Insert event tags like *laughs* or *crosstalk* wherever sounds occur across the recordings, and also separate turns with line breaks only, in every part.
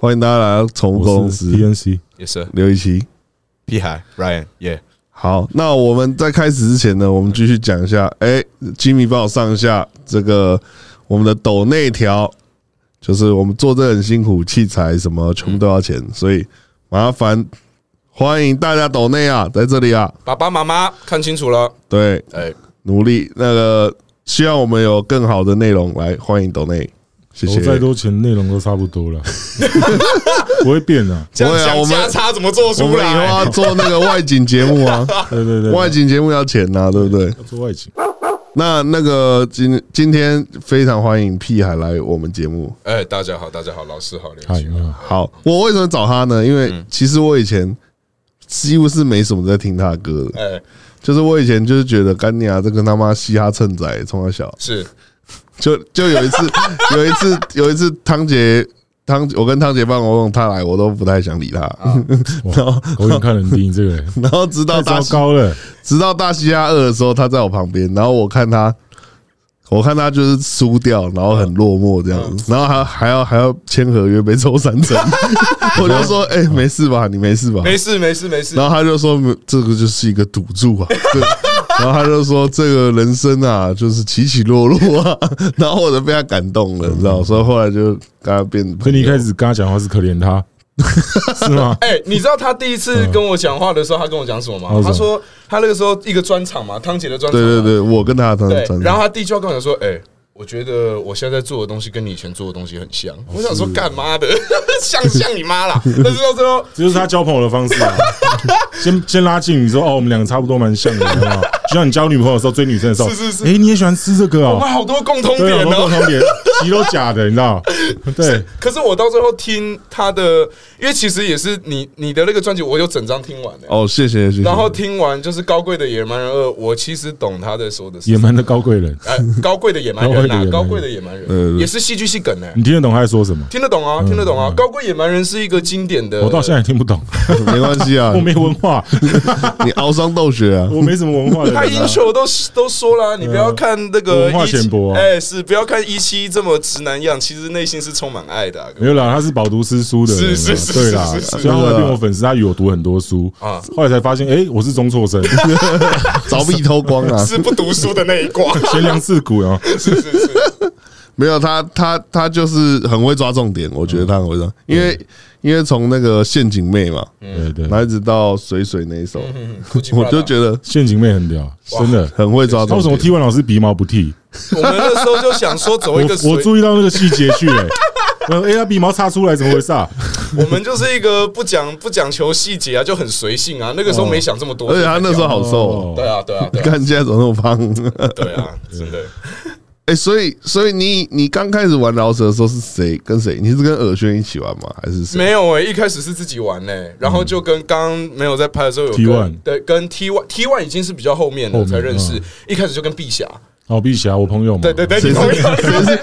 歡迎大家來到寵物公司 PNC，也是 6yi7 yes, 屁孩，屁孩
Ryan，Yeah。
好，那我們在開始之前呢，我們繼續講一下。哎，Jimmy 幫我上一下這個我們的抖內條，就是我們做這很辛苦，器材什麼全部都要錢，嗯，所以麻煩歡迎大家抖內啊，在這裡啊，
爸爸媽媽看清楚了。
對，哎，努力那個，希望我們有更好的內容來歡迎抖內。我再多錢，內容都差不多了 *laughs* *laughs* 不會變啊。不會啊，我們加差
怎麼做出來、啊？我們我們要
做那個外景節目，啊， *laughs* 對對對，對景節目啊，對對對，外景節目要錢吶，對不對？要做外景，那那個今今天非常歡迎屁孩來我們節目。
哎、欸，大家好，大家好，老師好。哎，你
好，好，我為什麼找他呢？因為其實我以前幾乎是沒什麼在聽他的歌的。哎、欸，就是我以前就是覺得甘尼亞這個他媽嘻哈蹭仔從他小是。就就有一， *laughs* 有一次，有一次，有一次，湯姐，湯，我跟湯姐幫我弄，他來，我都不太想理他。啊、
然後我想看人丁這個
人，然後直到糟糕了，直到大西亞二的時候，他在我旁邊，然後我看他，我看他就是輸掉，然後很落寞這樣子，嗯嗯、然後他還要還要簽合約，被抽三成， *laughs* 我就說，哎、欸，沒事吧，你沒事吧？沒事，沒事，沒事。然後他就說，這個就是一個賭注啊。對然後他就說：“這個人生啊，就是起起落
落啊。”然後我就被他感動了， *laughs* 你知道，所以後來就跟他變。可你一開始跟他講話是可憐他， *laughs* 是嗎？
哎、欸，你知道他第一次跟我講話的時候，他跟我講什麼嗎？ *laughs* 他說他那個時候一個專場嘛，湯姐的專場、啊。對對
對，我跟他的專場。然
後他第一句話跟我說：“哎、欸。”我覺得我現在在做的東西跟你以前做的東西很像。我想說幹嘛的？啊、像像你媽啦！ *laughs* 但是說說，
這就是他交朋友的方式、啊。 *laughs* 先先拉近，你說哦，我們兩個差不多，蠻像的。有有 *laughs* 就像你交女朋友的時候，追女生的時候，是是是。誒、欸，你也喜歡吃這個啊、哦？我們好，
好多共通點哦，好好共通點。 *laughs*
都假的，你知道？對，
可是我到最後聽他的，因為其實也是你你的那個專輯，我有整張聽完
的。哦，謝謝謝謝。然後
聽完就是《高貴的野蠻人二》，我其實懂他在說的是什
麼“野蠻的高貴人”哎，“
高貴的野蠻人”啊，“高貴的野蠻人,野人,野人對對對”也是戲劇系梗呢。
你聽得懂他在說什麼？
聽得懂啊，聽得懂啊，“嗯嗯、高貴野蠻人”是一個經典的。我到
現在也聽不懂， *laughs* 沒關係啊，我沒文化， *laughs* *laughs* 你熬傷斗血啊，我沒什麼文化的人、啊。他英
雄都都說了，你不要看那個、嗯、一、文化淺薄哎、啊欸、是不要看一期這麼。直男樣，其實內心是充滿愛的、
啊。沒有啦，他是飽讀詩書的、那個，是是是是對啦。是是是是是，所以後來變我粉絲，他有讀很多書啊。後來才發現，哎、欸，我是中輟生，鑿、啊、壁 *laughs* 偷光啊，是
不讀書的那一掛。懸
梁刺股啊、喔。是是是。
沒有他，他他就是很會抓重點，我覺得他很會抓，因為因為從那個陷阱妹嘛，嗯，對對，來一直到水水那一首，嗯、
我就覺得陷阱妹很屌，真的很會抓重點。為什麼踢完老師鼻毛不剃？我們那時候就想說走一個我，我注意到那個細節去、欸，了、 *laughs* 欸，哎，呀，鼻毛插出來，怎麼回事啊？
我們就是一個不講不講求細節啊，就很隨性啊，那個時候沒想這麼多，而且他那時候好瘦哦，哦。對啊對啊，你看、
啊、你現在怎麼那麼胖？對啊，真的。哎、欸，所以，所以你你剛開始玩饒舌的時候是誰跟誰？你是跟耳軒一起玩嗎？
還是
沒有哎、欸？一開始是自己玩呢、欸，然後就跟剛沒有在拍的時候有跟、嗯、對跟 T One T One 已經是比較後面了，我才認識、啊，一開始就跟碧霞
哦，碧霞我朋友
對對對，是，你朋友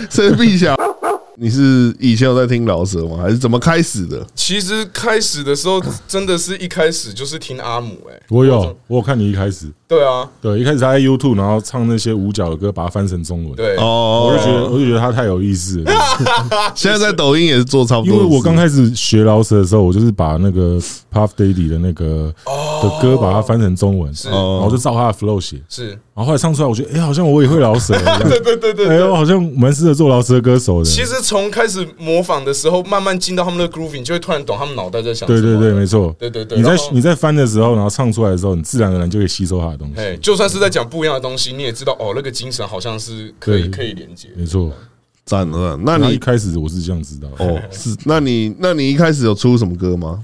誰碧霞？ *laughs* *laughs* 你是以前有在聽饒舌嗎？還是怎麼
開始的？
其實開始的時候，真的是一開始就是聽阿姆，
哎，我有，我有看你一開始，對啊，對，一開始他在 YouTube，然後唱那些五角的歌，把它翻成中文，對，哦、oh，我就覺得，我就覺得他太有意思了。 *laughs* 現在在抖音也是做差不多的。因為我剛開始學饒舌的時候，我就是把那個 Puff Daddy 的那個、oh、的歌，把它翻成中文，是 oh、然後我就照他的 flow 寫，是，然後後來唱出來，我覺得，哎、欸，好像我也會饒舌，一樣 *laughs* 對,對對對對，哎呦，好像蠻適合做饒舌歌手的。其實。
從開始模仿的時候，慢慢進到他們的 grooving，就會突然懂他們腦袋在想什麼。對對對，沒錯。對對對，你在你
在翻的時候，然後唱出來的時候，你自然而然就會吸收他的東西。
就算是在講不一樣的東西，嗯、你也知道哦，那個精神好像是可以可以連
接。沒錯，讚、嗯、了、啊。那你一開始我是這樣知道的哦。是，
*laughs* 那你那你一開始有出什麼歌嗎？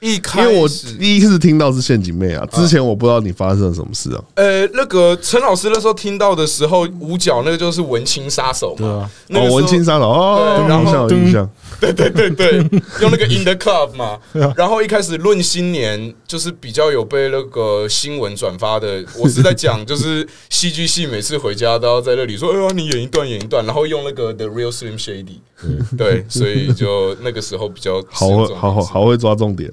一開因為我第一次聽到是陷阱妹啊，之前我不知道你發生了什麼事啊。呃、啊
欸，那個陳老師那時候聽到的時候，五角那個就是文青殺手嘛，啊、那個、哦、文青殺
手哦，有印象，有印象。
對對對，對用那個 In the Club 嘛，然後一開始論新年就是比較有被那個新聞轉發的。我是在講，就是戲劇系每次回家都要在那裡說，哎呀，你演一段演一段，然後用那個 The Real Slim Shady，對，所以就那個時候比較
好會好好好會抓重點。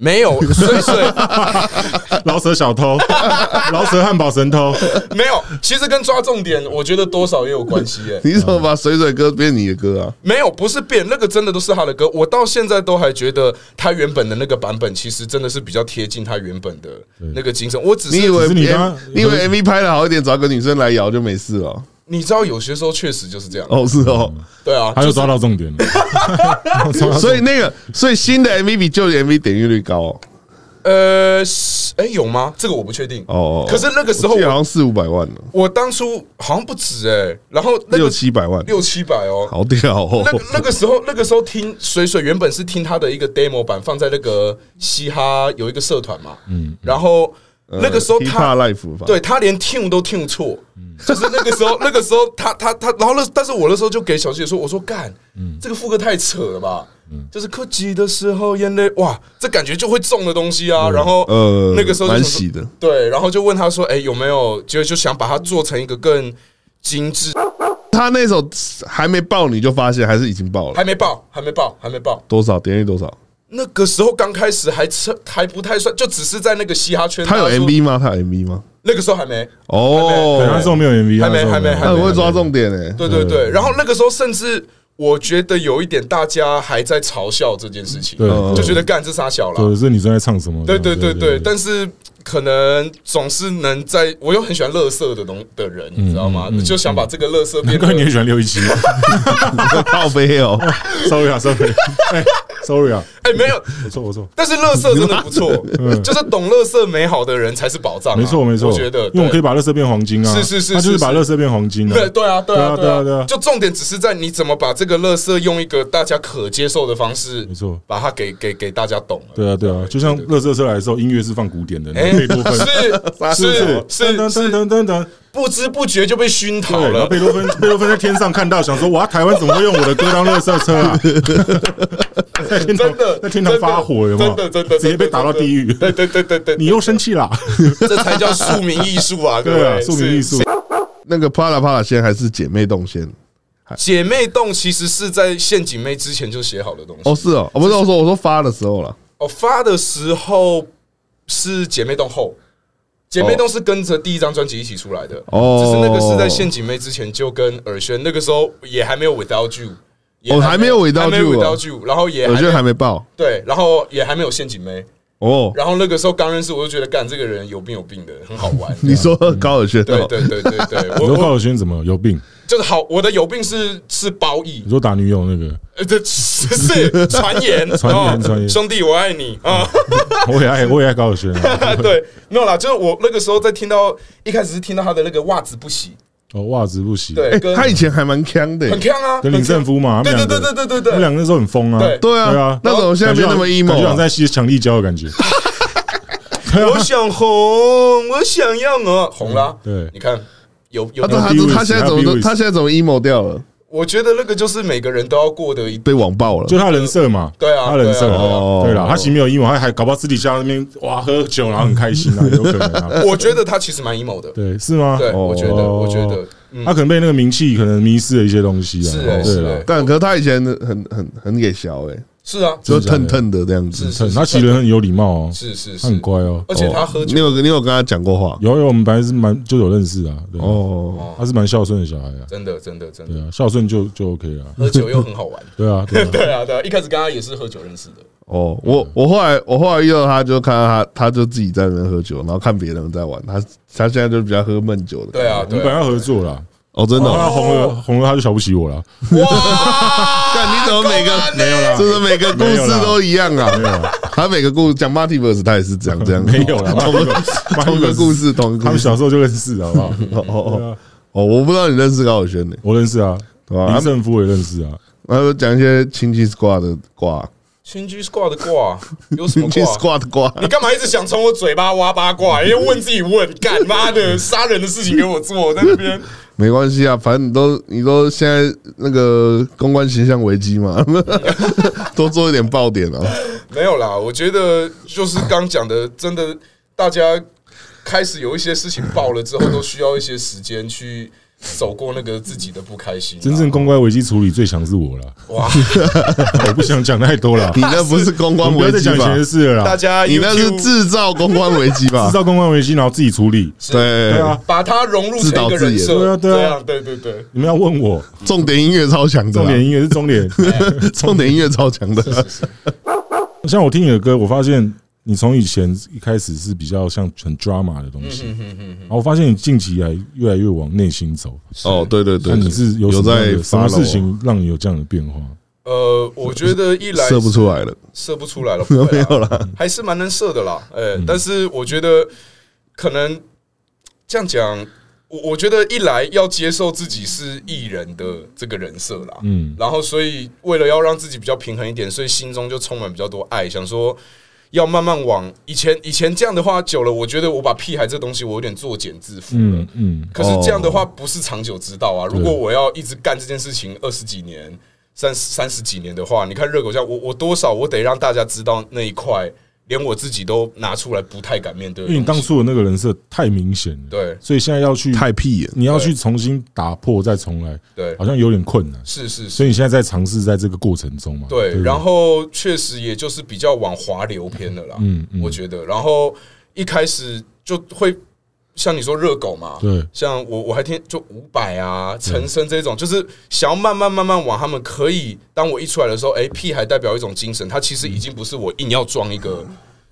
沒有水
水， *laughs* 老舌小偷，老舌漢堡神偷，
*laughs* 沒有。其實跟抓重點，我覺得多少也有關係耶、欸。你
怎麼把水水哥變你的歌啊、啊、啊？
沒有，不是變那個，真的都是他的歌。我到現在都還覺得他原本的那個版本，其實真的是比較貼近他原本的那個精
神。我只是你以為你、M、你以為 MV 拍得好一點，找個女生來搖就沒事了。
你知道，有些時候確實就是這樣。哦，
是哦，對啊，他就抓到重點了 *laughs* *laughs* 重點。所以那個，所以新的 MV 比舊的 MV 點擊率高、
哦。呃、欸，有嗎？這個我不確定。哦，哦，哦、可是那個時候好
像四五百萬了。
我當初好像不止哎，欸，然
後、那個、六七百萬，六
七百哦，
好屌、哦。那那
個時候，那個時候聽水水原本是聽他的一個 demo 版，放在那個嘻哈，有一個社團嘛，嗯，嗯，然後。
那個時候他對
他連聽都聽錯，就是那個時候，那個時候他他他，他，然後但是我的時候就給小謝說，我說幹，這個副歌太扯了吧，就是哭泣的時候眼淚，哇，這感覺就會重的東西啊，然後呃那個時候蠻喜的，對，然後就問他說，誒，有沒有，就就想把它做成一個更精緻，
他那首還沒爆？你就發現還是已經爆了，還
沒爆，還沒爆，還沒爆，
多少點億多少？
那個時候剛開始還唱還不太算，就只是在那個嘻哈圈。他有 MV
嗎？他有 MV 嗎？
那個時候還沒哦，那、
oh, 時候沒有 MV 啊，還沒，他沒還沒，還,沒他沒還,沒還沒他不會抓重點
嘞、欸嗯。對對對，
然後那個時候甚至我覺得有一點，大家還在嘲笑這件
事情，就覺得
幹這三小了。
可是你正在唱什麼？對對對對，
但是可能總是能在我又很喜歡樂色的東的人、嗯，你知道嗎？嗯，就想把這個樂色。難
怪你也
喜歡 6yi7，倒 *laughs* 背 *laughs* *laughs* *laughs* 黑哦，sorry 啊，sorry。Sorry 啊，哎、欸，沒有，沒錯沒錯，但是樂色真的不錯，就
是懂樂色美好的人才是寶藏、啊，沒錯沒錯，我覺得，因為我可以把樂色
變、啊、變黃金啊，是是是，他就是把樂色變黃金了，對啊對啊對啊對啊對啊，
就重點只是在你怎麼把這個樂色用一個大家可接受的方式，沒錯，把它給給給大家懂
了、啊，對啊對啊，對啊對對對對，就像樂色車來的時候，音樂是放古典的那部、個、分，欸、是是是是
是是是是是是是是。不知不覺就被熏陶了。貝多芬，
貝 *laughs* 多芬在天上看到，想說：“哇，台灣怎麼會用我的歌當垃圾車啊？” *laughs* 在天堂真的，在天堂發火有有，有嗎？真的，真的，直接被打到地獄、啊。對對對對對，對，你又生氣啦、啊？這才叫庶民藝術啊對！對啊，庶民藝術。
那個《啪啦啪啦》先，還是《姐妹洞》先？《
姐妹洞》其實是在《陷阱妹》之前就寫好的東西。
哦，是哦，我、哦、不是我說我說發的時候啦。
哦，發的時候是《姐妹洞》後。姐妹都是跟着第一張專輯一起出來的，哦。就是那個是在陷阱妹之前就跟爾軒，那個時候也還沒有 Without You，也還,、
哦、還沒有 Without, 沒 without, 沒 without You，、啊、
然後也爾軒還沒爆，對，然後也還沒有陷阱妹，哦，然後那個時候剛認識我就覺得幹這個人有病有病的，很好玩。哦、你
說高爾軒？對對對對對， *laughs* 我你說高爾軒怎麼有病？
就是好，我的有病是是褒義。
你說打女友那個，
呃， *laughs* 這是傳言，傳 *laughs* 言，傳、哦、言。兄弟，我愛你、嗯、啊！
*laughs* *laughs* 我也愛，我也愛高曉軒、
啊。 *laughs* 對，沒有啦，就是我那個時候在聽到，一開始是聽到他的那個襪子不洗。
哦，襪子不洗。對，欸、他以前還蠻 can 的，很 can 啊，跟林勝夫嘛，對對對對對對，那兩個人都很瘋啊對，對啊，對啊，哦、那個、我現在沒那麼 emo，就想在吸強力膠的感覺。
*laughs* *laughs* *laughs* 我想紅， *laughs* 我想要啊，紅啦。對，對你看。有有,有他這他這他現在怎麼都他
現在怎
麼 emo 掉了？
我覺得那個就是每個人都要過的，
被網爆了，就他人設嘛、呃。對啊，他人設、哦、對了、啊啊啊，他其實沒有 emo 他還搞不好私底下那邊哇喝酒，然後很開心啊，有可能啊。 *laughs* 我覺得他其實蠻 emo 的對，對是嗎？對，我覺得，哦、我覺得,我覺得、嗯，他可能被那個名氣可能迷失了一些東西啊、欸，對了、欸嗯。但可是他以前很很很給笑誒。
是啊，就蹭、是、蹭的這樣子，是是是是，他其實很有禮貌哦，是是是，是，很乖哦。而且他喝酒、哦，你有你有
跟他講過話？有有，我們本來是蠻就有認識的。對吧哦，哦，他是蠻孝順的小孩啊，真的真的真的。對啊，孝順就就 OK 了。喝酒又很好玩。 *laughs* 對啊對， *laughs* 對啊對啊，對啊，一開始跟他
也是喝酒
認識的。哦，我我後來我後來遇到他，就看到他，他就自己在那邊喝酒，然後看別人在玩。他他現在就比較喝悶酒的。對啊，你、啊啊、本來要合作啦。嘿嘿 Oh, 哦，真、哦、的，紅哥，紅哥他就瞧不起我了。
哇！ *laughs* 你怎麼每個沒有啦。是不、就是每個故事都
一樣啊！沒有啦。 *laughs* 他每個故事講馬蒂維斯，他也是講這、這樣。沒有啦，哦，同一個、個故事，同一個故事。他們小時候就認識，好 *laughs* 不好？哦、啊、哦我不知道你認識高曉軒沒？我認識啊，對啊林政夫也認識啊。然後講一些親戚掛的掛。
青居 squad 的掛有什麼？新居 squad
的掛，你幹
嘛一直想從我嘴巴挖八卦？要問自己問，幹媽的殺人的事情給我做在那邊。
沒關係啊，反正你都你都現在那個公關形象危機嘛， *laughs* 多做一點爆點啊。
*laughs* 沒有啦，我覺得就是剛講的，真的，大家開始有一些事情爆了之後，都需要一些時間去。走過那個自己的不
開心，真正公關危機處理最強是我了。哇， *laughs* 我不想講太多了，啊。你那不是公關危機吧，啊事了啦？大家，你那是製造公關危機吧？製 *laughs* 造公關危機然後自己處理，對啊，把
它融入人設自導自演，啊，對啊，對對對對。
你們要問我，重點音樂超強的， *laughs* 重點音樂是重點， *laughs* 重點音樂超強的。是是是 *laughs* 像我聽你的歌，我發現。你從以前一開始是比較像很 drama 的東
西，然
後我發現你近期來越來越往內心走。哦，對對對，對，你是有，什有在什、啊、事情讓你有這樣的變化？
呃，我覺得一來射不，不出來了，射 *laughs* 不出來了不會，沒有了，還是蠻能射的啦。哎、欸，嗯、但是我覺得可能這樣講，我我覺得一來要接受自己是藝人的這個人設啦，嗯，然後所以為了要讓自己比較平衡一點，所以心中就充滿比較多愛，想說。要慢慢往以前以前這樣的話久了，我覺得我把屁孩這東西我有點作繭自
縛了、嗯嗯哦。可是這樣的
話不是長久之道啊！如果我要一直幹這件事情二十幾年、三十三十幾年的話，你看熱狗醬，我我多少我得讓大家知道那一塊。連我自己都拿出來，不太敢面對。因為你當初的
那個人設太明顯了，對，所以現在要去太屁眼，你要去重新打破再重來，對，好像有點困難。是是是，所以你現在在嘗試在這個過程中嘛？對，對，然
後確實也就是比較往華流偏的啦，嗯，嗯，我覺得，然後一開始就會。像你說熱狗嘛，對，像我我還聽就五百啊、陳升這種，就是想要慢慢慢慢往他們可以。當我一出來的時候，哎，屁孩代表一種精神，它其實已經不是我硬要裝一個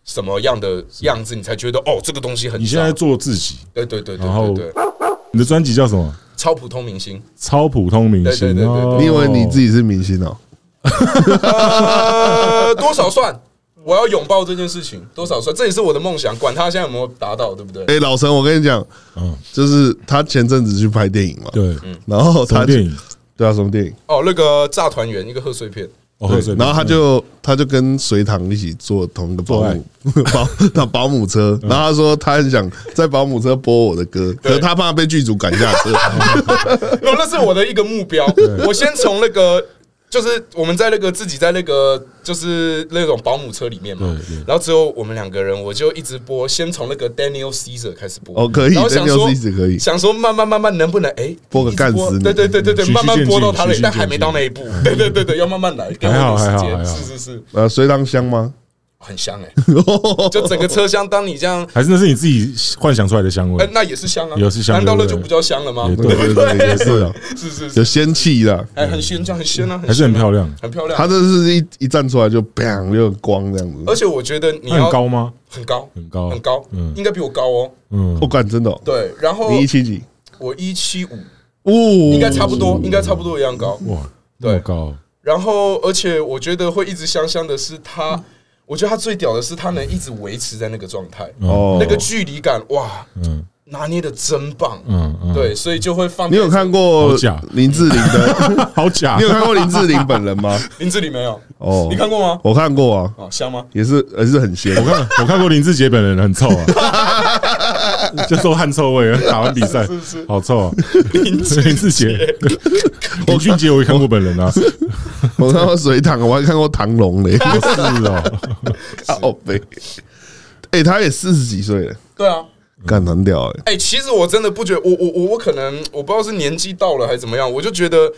什麼樣的樣子，你才覺得哦，這個東西很。你現在
做自己，對對對，對，然後對、對、對、對。你的專輯叫什麼？超普通明星。超普通明星，對對對、對、對、對、對、對，你以為你自己是明星哦 *laughs* 、
呃、
多少算？我要擁抱這件事情，多少歲？這也是我的夢想，管他現在有沒有達到，對不
對？哎、欸，老陳，我跟你講，嗯，就是他前陣子去拍電影嘛，對，然後他電影，對啊，什麼電影？
哦，那個《詐團圓》一個賀歲片，賀歲、哦。然後他就
他就跟隋棠一起坐同一個保姆保保姆車、嗯，然後他說他很想在保姆車播我的歌，可是他怕被劇組趕下車。那、 *laughs* *laughs* 哦
*laughs* no, 那是我的一個目標，我先從那個。就是我們在那個自己在那個就是那種保姆車裡面嘛，然後只有我們兩個人，我就一直播，先從那個 Daniel Caesar 開始播哦，可以，然後想說可以，想說慢慢慢慢能不能哎、欸、
播個幹死，對對對對對,對，慢慢播到他那，但還沒到那一
步，對對對對,對，要慢慢來，還好還好時間。
是
是是，呃，
隨堂香嗎？很香哎、欸，就
整個車廂，當你這樣
*laughs* 還是那是你自己幻想出來的香味、欸，那也是香啊，也是香，難道那就不叫香了嗎、欸，對？對，是啊，是
是，有
仙氣的，哎，很仙，這
樣很仙啊，還是很漂亮，很漂亮。他這是
一一站出來就砰，有光這樣子。而且我覺得你要很高嗎？很
高，很高，很高，嗯，應該比我高哦，嗯，
不管真的。對，
然後你一七幾？我一七五，
哦，應該差不多，應該
差不多一樣高，哇，
對，高。
然後，而且我覺得會一直香香的是他、嗯。我覺得他最屌的是他能一直維持在那個狀態、嗯哦，那個距離感，哇，嗯、拿捏得真棒嗯。嗯，對，所以就會放、這個。你有看過
林志玲的？好假！ *laughs* 你有看過林志玲本人嗎？林志玲沒有。哦，你看過嗎？我看
過啊。啊，香嗎？也是，也是很香。 *laughs* 我看，我看過林志杰本人，很臭啊。 *laughs* 就說汗臭味啊！打完比賽好臭啊！林志傑、
*laughs* 林俊傑，我也
看過本人啊。我看過隋唐，我還看過唐龍嘞、 *laughs* 哦。
是啊、哦，靠北。哎、欸，他也四十幾歲了。對啊，幹、嗯、很屌哎、欸！
哎、欸，其實我真的不覺得，我我我可能我不知道是年紀到了還是怎麼樣，我就覺得。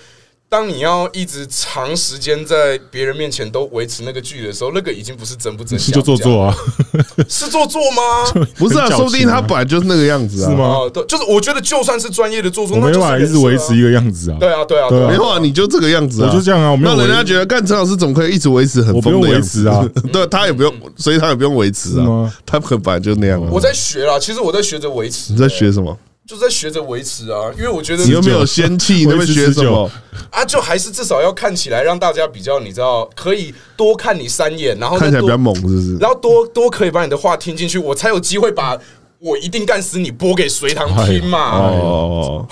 當你要一直長時間在別人面前都維持那個距離的時候，那個已經不是真不真實，你就做作啊
*laughs* 是做作嗎？啊、不是啊，說不定他
本來就是那個樣子啊。是嗎、啊？
對，就是我覺得就算是專業的做作，那就一直維持
一個樣子啊，啊。對啊，對啊，對，啊對,啊對啊，沒有啊，你就這個樣子啊，我就這樣啊，我沒有。那人家覺得幹陳老師怎麼可以一直維持很瘋的維持啊、 *laughs* 嗯，對 *laughs* 他也不用，所以他也不用維持啊，他很本，本來就那樣、啊。我在學
啦，其實我在學着維持、欸。你在學什麼？就在學着維持啊，因為我覺得你，覺得你又沒有仙氣，你會學什麼啊？就還是至少要看起來讓大家比較，你知道可以多看你三眼，然後看起來比較
猛，是不是？然後
多多可以把你的話聽進去，我才有機會把我一定幹死你播給隋唐聽嘛。哎哎、哦，哦，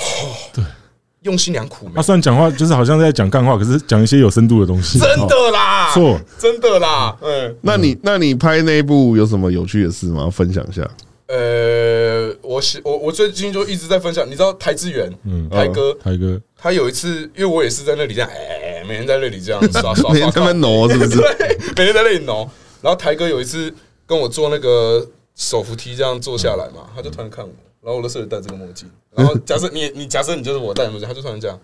對，用心良苦。
他、啊、雖然講話就是好像在講幹話，可是講一些有深度的東西。真的啦，錯、哦，
真的啦。嗯，
那你那你拍那一部
有什麼有趣
的事嗎？分享一下。
呃，
我是我，我最近就一直在分享，你知道台志源，嗯，台哥，台哥，他有一次，因為我也是在那裡這樣，哎、欸，每天在那裡這樣刷刷刷，天在挪撓是不是對？每天在那裡撓。然後台哥有一次跟我坐那個手扶梯，這樣坐下來嘛、嗯，他就突然看我，然後我都戴着戴這個墨鏡，然後假設你你假設你就是我戴的墨鏡，他就突然這樣。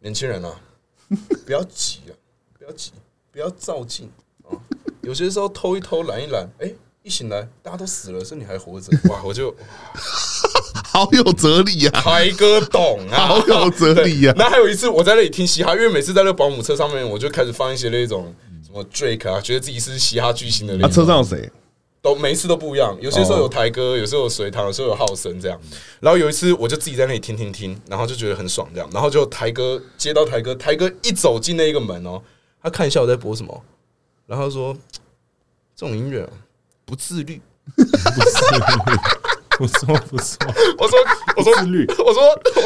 年輕人啊，不要急啊，不要急，不要照鏡啊，有些時候偷一偷，懶一懶，哎、欸。一醒來，大家都死了，剩你還活着哇！我就，
*laughs* 好有哲理呀、啊嗯，台哥懂啊，好有哲理呀、啊。
那還有一次，我在那裡聽嘻哈，因為每次在那保姆車上面，我就開始放一些那種什麼 Drake 啊，嗯、覺得自己是嘻哈巨星的。那、啊、車上有誰？都每一次都不一樣，有些時候有台哥，有時候有隋唐，有時候有浩森這樣。然後有一次，我就自己在那裡聽聽聽，然後就覺得很爽這樣。然後就台哥接到台哥，台哥一走進那一個門哦，他看一下我在播什麼，然後說這種音樂、啊。不自律，不自
律。 *laughs* 我說不自
我說我說自律，我說我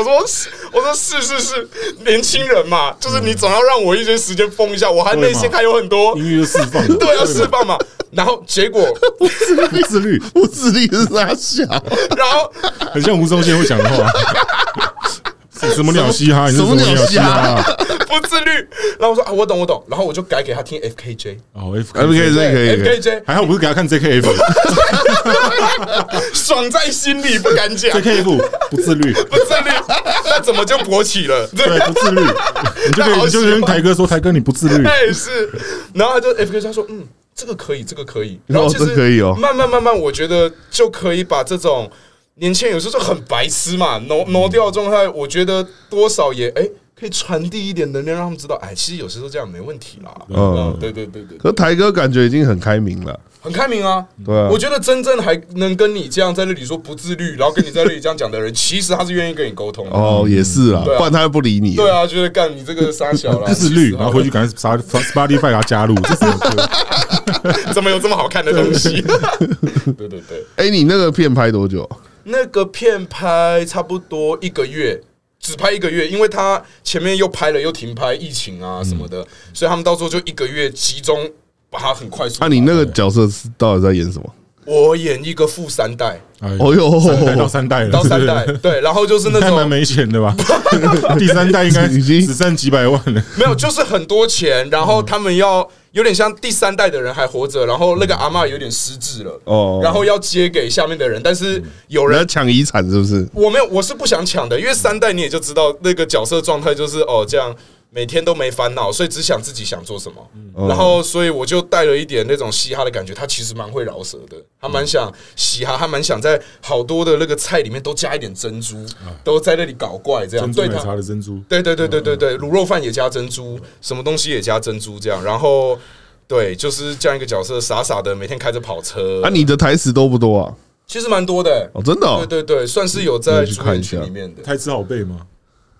說我說是是是，年輕人嘛，就是你總要讓我一些時間瘋一下，我還內心還有很多
音樂釋放，對，要釋放嘛。然後結果不自律，我自， *laughs* 自，自律是啥小，然後很像吳宗憲會講的話 *laughs* *laughs* 什，什麼鳥嘻哈，什麼鳥嘻哈。 *laughs*
不自律，然後我說啊，我懂我懂，然後我就改給他聽 F K J 哦
，F K J 可以，F K J 還好，我不是給他看 J K F，
*laughs* 爽在心裡不敢講，J K F
不自律，不
自律， *laughs* 那怎麼就勃起了？對，對，不自律，
你就可以，你就跟台哥說，台哥你不自律，
*laughs* 是，然後他就 F K，他說嗯，這個可以，這個可以，然後其實、哦、是可以哦，慢慢慢慢，我覺得就可以把這種年輕人有時候很白痴嘛，挪挪掉的狀態，我覺得多少也誒可以傳遞一點能量，讓他們知道，哎，其實有些時候這樣沒問題啦。嗯，對對對對，對,對,
對。可是台哥感覺已經很開明了，
很開明啊。對啊，我覺得真正還能跟你這樣在那裡說不自律，然後跟你在那裡這樣講的人， *laughs* 其實他是願意跟你溝通。
哦，嗯、也是啊，不然他又不理你。對啊，
就是幹你這個傻小子，自 *laughs* 律，
然後回去趕快殺殺 body fat 加入。 *laughs* 什麼 *laughs*
*laughs* 怎麼有這麼好看的東西？對對對，
對，哎、
欸，你那個片拍多久？
那個片拍差不多一個月。只拍一個月，因為他前面又拍了又停拍，疫情啊什麼的、嗯，所以他們到時候就一個月集中把它很快速。那、
啊、你那個角色是到底在演什麼？
我演一個富三代。
哎呦，三代到三代了，到三代對，對，對，對，然後就是那種。還蠻沒錢的吧？ *laughs* 第三代應該已經只剩幾百萬了。
沒有，就是很多錢，然後他們要。有點像第三代的人還活着，然後那個阿嬤有點失智了，哦，然後要接給下面的人，但
是有人要搶遺產是不是？
我沒有，我是不想搶的，因為三代你也就知道那個角色狀態就是哦這樣。每天都沒煩惱，所以只想自己想做什麼。然後，所以我就帶了一點那種嘻哈的感覺。他其實蠻會饒舌的，他蠻想嘻哈，他蠻想在好多的那個菜裡面都加一點珍珠，都在那裡搞怪這樣。珍珠奶茶的
珍珠，
對
對對對對對，對，滷肉飯也加珍珠，什麼東西也加珍珠這樣。然後，對，就是這樣一個角色，傻傻的每天開着跑車。啊，你
的台詞多不多啊？
其實蠻多的哦，真的。對對對，
算是有在主演群裡面
的台詞好背嗎？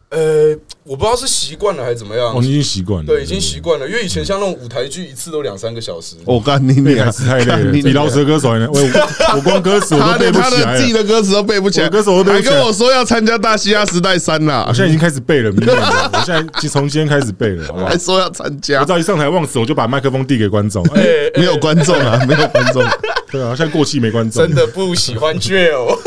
呃，我不知道是習慣了還是怎麼樣，我、哦、已經習慣了，對，已經習慣了。因為以前像那種舞台劇，一次
都兩三個小時。我、嗯嗯嗯哎、幹你，你還是太累了你老的歌手還， *laughs* 我
我光歌詞我，我，我，我都背不起來，自己的
歌詞都背不起來，歌手都背不起來，還跟我說
要參加《大嘻哈時代三》啦，我現在已經開始背了，明白嗎？ *laughs* 我現在從今天開始背了，好，不好 *laughs* 還說要參加，我一上台忘詞，我就把麥克風遞給觀眾、 *laughs* 欸，沒有觀眾啊， *laughs* 啊，沒有觀眾， *laughs* 對啊，現在過氣沒觀眾， *laughs* 真的不喜歡倔哦。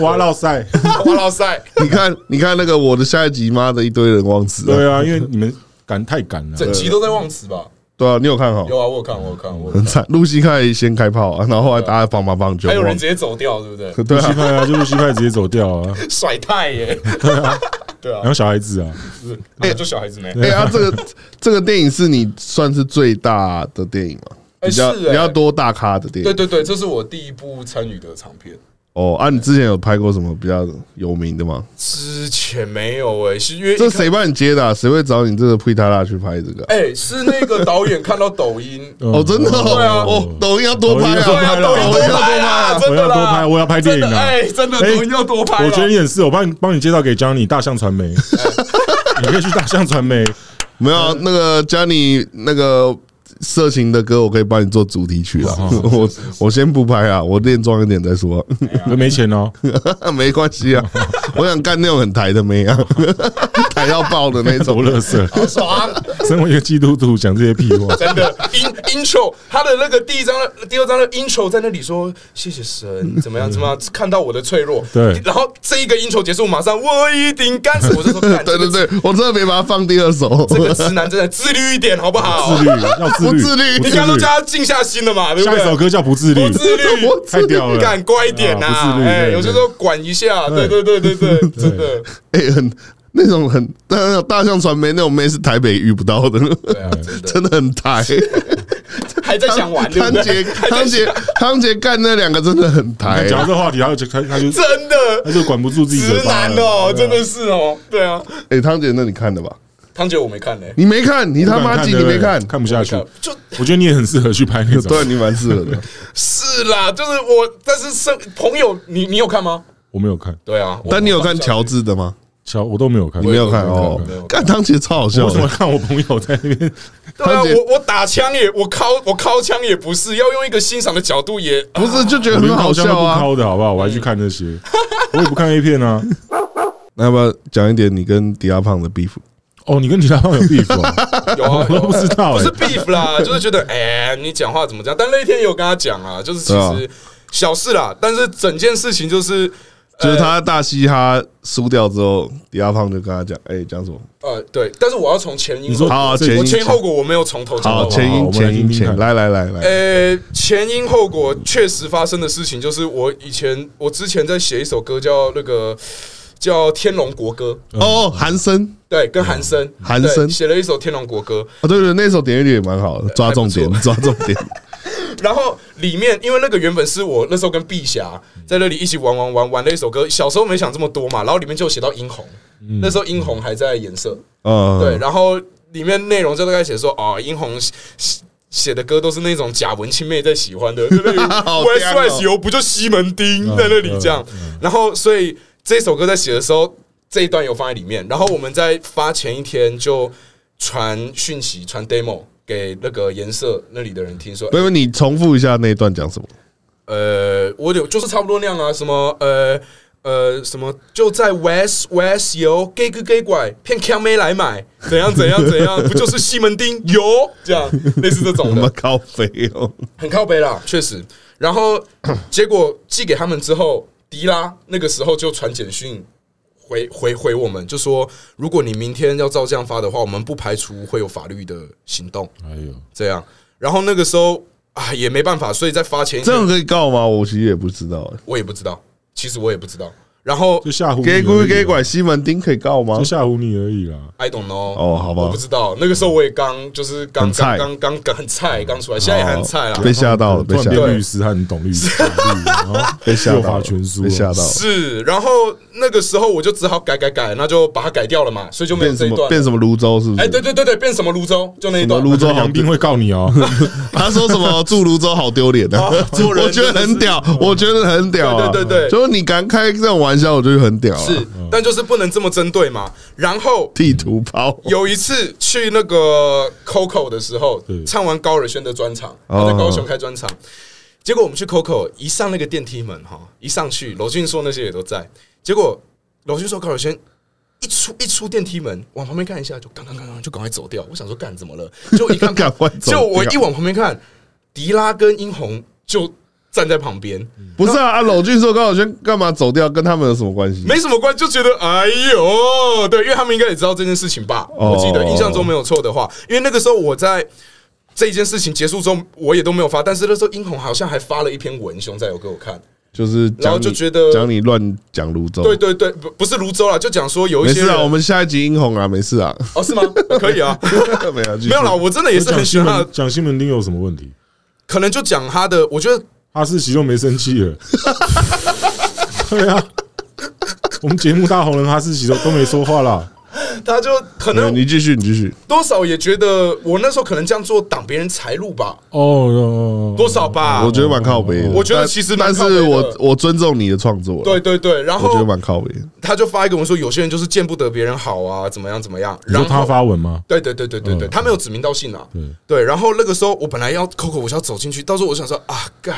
哇老塞，哇老塞！
你看，你看那個我的下一集，媽的一堆人忘詞、啊。對啊，因為你們趕太趕了，整集都在忘詞吧？對啊，你有看好？有啊，我有看，我有看，我有看。很慘，露西派先開炮啊，然後後來大家幫忙幫救，還有人直
接走掉，對不對？露西派
啊，就露西派直接走掉啊， *laughs* 甩、欸
啊。甩太耶！對啊，然後
小孩子啊是，哎、啊，就
小孩子沒、啊。哎呀、啊，欸啊欸啊、這個
*laughs* 這個電影是你算是最大的電影嗎？比較比較多大咖的電影。對對對，
這是我第一部參與的長片。
哦啊！你之前有拍過什麼比較有名的嗎？之
前沒有誒、欸，
是因為這誰幫你接的、啊？誰會找你這個 Peter 去拍這個？哎、欸，
是那個導演看到抖
音 *laughs* 哦，真的、哦、對啊！哦，
抖音要多拍啊！啊抖音，要多、啊啊抖音要多啊、要多拍，真
的，我要多拍，我要拍電影啊！哎、欸，真的，抖音要多拍，多拍。我覺得也是，我幫你幫你介紹給 Johnny 大象傳媒， *laughs* 你可以去大象傳媒、 *laughs* 嗯。沒有、啊、那個 Johnny 那個。
色情的歌我可以幫你做主題曲了，啊，我我先不拍啊，我練壯一點再說。沒錢哦，沒關係啊，我想幹那種很台的，沒啊
抬
台到爆的那種。做樂色，好爽！
身為一個基督徒，講這些屁話，真的。
Intro，他的那個第一張、第二張的 Intro 在那裡說謝謝
神，怎麼樣
怎麼樣，看到我的脆弱，對。然後這一個 Intro 結束，馬上我一定幹
死。對對對，我真的沒把它放第二首。這個直男真的
自律一點好不好？自律，要自。不自，不自律，你剛剛都叫他靜下心了嘛對不對？下一首歌叫不自律《不自律》我啊啊，不自律，太吊了，敢乖點吶！哎，有些時候管一下，對對對
對對，真的，哎、欸，很那種很，但是大象傳媒那種妹是台北遇不到的，啊、真的很台，還在想玩對對，湯杰湯杰湯杰幹那兩個真的很台、啊，講
這個話題他，他就他他就真的，他就管不住自己，直男哦，
真的是哦，對啊，哎、啊，湯、欸、姐，那你看了吧？
湯姐，我沒看嘞、欸，你沒看，你他媽急，你沒看，看
對對，看不下
去。我就我覺得你也很適合去拍那種，對，你蠻適合的。
*laughs* 是啦，就是我，但是朋友，你你有看嗎？
我沒有看。對啊，但你有看喬治的嗎？喬，我都沒有看，你沒有看哦。看湯姐超好笑，我為什麼看我朋友在那邊、啊？湯
啊。我我打槍也，我敲我敲槍也不是，要用一個欣賞的角度也，也不是就覺得很好
笑啊，像不敲的好不好？我還去看這些、嗯，我也不看 A 片啊。 *laughs* *laughs* 那要不要講
一點你跟迪亞胖的 beef？哦，你跟李大胖有 beef *laughs* 啊？有，啊，我都不知道、欸。不是
beef 啦， *laughs* 就是覺得，哎、欸，你講話怎麼講？但那天也有跟他講啊，就是其實小事啦，但是整件事情就是，
欸、就是他大嘻哈輸掉之後，李大胖就跟他講，哎、欸，講什麼？
呃，對。但是我要從前因後果說，好好我前因前後果我沒有從頭講。好，好，前因，好好因前
因前，來來來
來。呃、欸，前因後果確實發生的事情，就是我以前我之前在寫一首歌，叫那個。叫《天龍國歌》
哦，哦，韓森
對，跟韓森韓森寫了一首《天龍國歌》。
啊，對對，那一首點閱率也蠻好的，抓重點，抓重點。
*laughs* 然後裡面，因為那個原本是我那時候跟碧霞在那裡一起玩玩玩玩了一首歌，小時候沒想這麼多嘛。然後裡面就寫到殷紅、嗯，那時候殷紅還在顏色。嗯，
對。然
後裡面內容就大概寫說，哦，殷紅寫的歌都是那種假文青妹在喜歡的，對不對我 h y Why 不就西門町在那裡這樣？嗯嗯、然後所以。這首歌在寫的時候，這一段有放在裡面。然後我們在發前一天就傳訊息，傳 demo 給那個顏色那裡的人聽說。沒有，欸、
你重複一下那一段講什麼？
呃，我就就是差不多那樣啊，什麼呃呃什麼就在 West West 有給個給拐騙 k 妹來買，怎樣怎樣怎樣， *laughs* 不就是西門町有這樣
類似這種的？很靠北哦，
很靠北啦，確實。然後 *coughs* 結果寄給他們之後。迪拉那個時候就傳簡訊回回回我們，就說如果你明天要照這樣發的話，我們不排除會有法律的行動。哎呦，這樣，然後那個時候啊也沒辦法，所以在發前這樣
可以告嗎？我其實也不知道，
我也不知道，其實我也不知道。
然後就嚇唬給鬼給拐西門町可以告
嗎？嚇唬你而已啦。
I don't know。哦，好吧。我不知道那個時候我也剛就是剛剛剛剛很菜剛出來，現在也很菜了。哦。被嚇到了，被嚇到律
師和懂律師
被嚇到法 *laughs*
書被嚇到。是，
然後那個時候我就只好改，改改改，那就把它改掉了嘛，所以就沒有這一段。變什
麼蘆洲？是不是？哎，欸，
對對對對，變什麼蘆洲？就那一段蘆洲楊定
會告你哦。啊、 *laughs* 他說什麼住蘆洲好丟臉的？啊、 *laughs* 做人
我覺得很屌，
我覺得很屌。嗯、很屌對，對對對，就是你敢開這種玩。我就很屌、啊、是，
但就是不能這麼針對嘛。然後
地圖炮，有
一次去那個 COCO 的時候，唱完高爾宣的專場，他在高雄開專場，結果我們去 COCO，一上那個電梯門哈，一上去，婁峻碩那些也都在。結果婁峻碩高爾宣一出一出電梯門，往旁邊看一下，就剛剛剛剛就趕快走掉。我想說干怎麼了？就一看趕 *laughs* 快，就我一往旁邊看，迪拉跟殷紅就。站在旁邊
不是啊，啊！老俊說高曉娟幹嘛走掉，跟他們有什麼關係？
沒什麼關係，就覺得哎呦，對，因為他們應該也知道這件事情吧？哦、我記得、哦、印象中沒有錯的話、哦，因為那個時候我在這一件事情結束之後，我也都沒有發，但是那時候英紅好像還發了一篇文，胸在有給我看，
就是然後就覺得講你亂講蘆洲，對對
對，不不是蘆洲啦，就講說有一些是啊，
我
們下一集英紅啊，沒事啊，
哦，是嗎？ *laughs* 可以啊， *laughs* 沒有啦，我真的也是很喜歡
講西門町有什麼問題，可能就講他的，我覺得。哈士奇都沒生氣了，對呀，啊，我們節目大紅人哈士奇都都沒說話啦，
他就
可能你繼續你繼續，
多少也覺得我那時候可能這樣做擋別人財路吧，
哦，多少吧，我覺得蠻靠北我覺得其實但是，我我尊重你的創作，對對對，然後我覺得蠻靠北，
他就發一個文說有些人就是見不得別人好啊，怎麼樣怎麼樣，然後
他發文嘛？
對對對對對對，他沒有指名道姓啊，嗯，對，然後那個時候我本來要 Coco 我想走進去，到時候我想說啊，幹。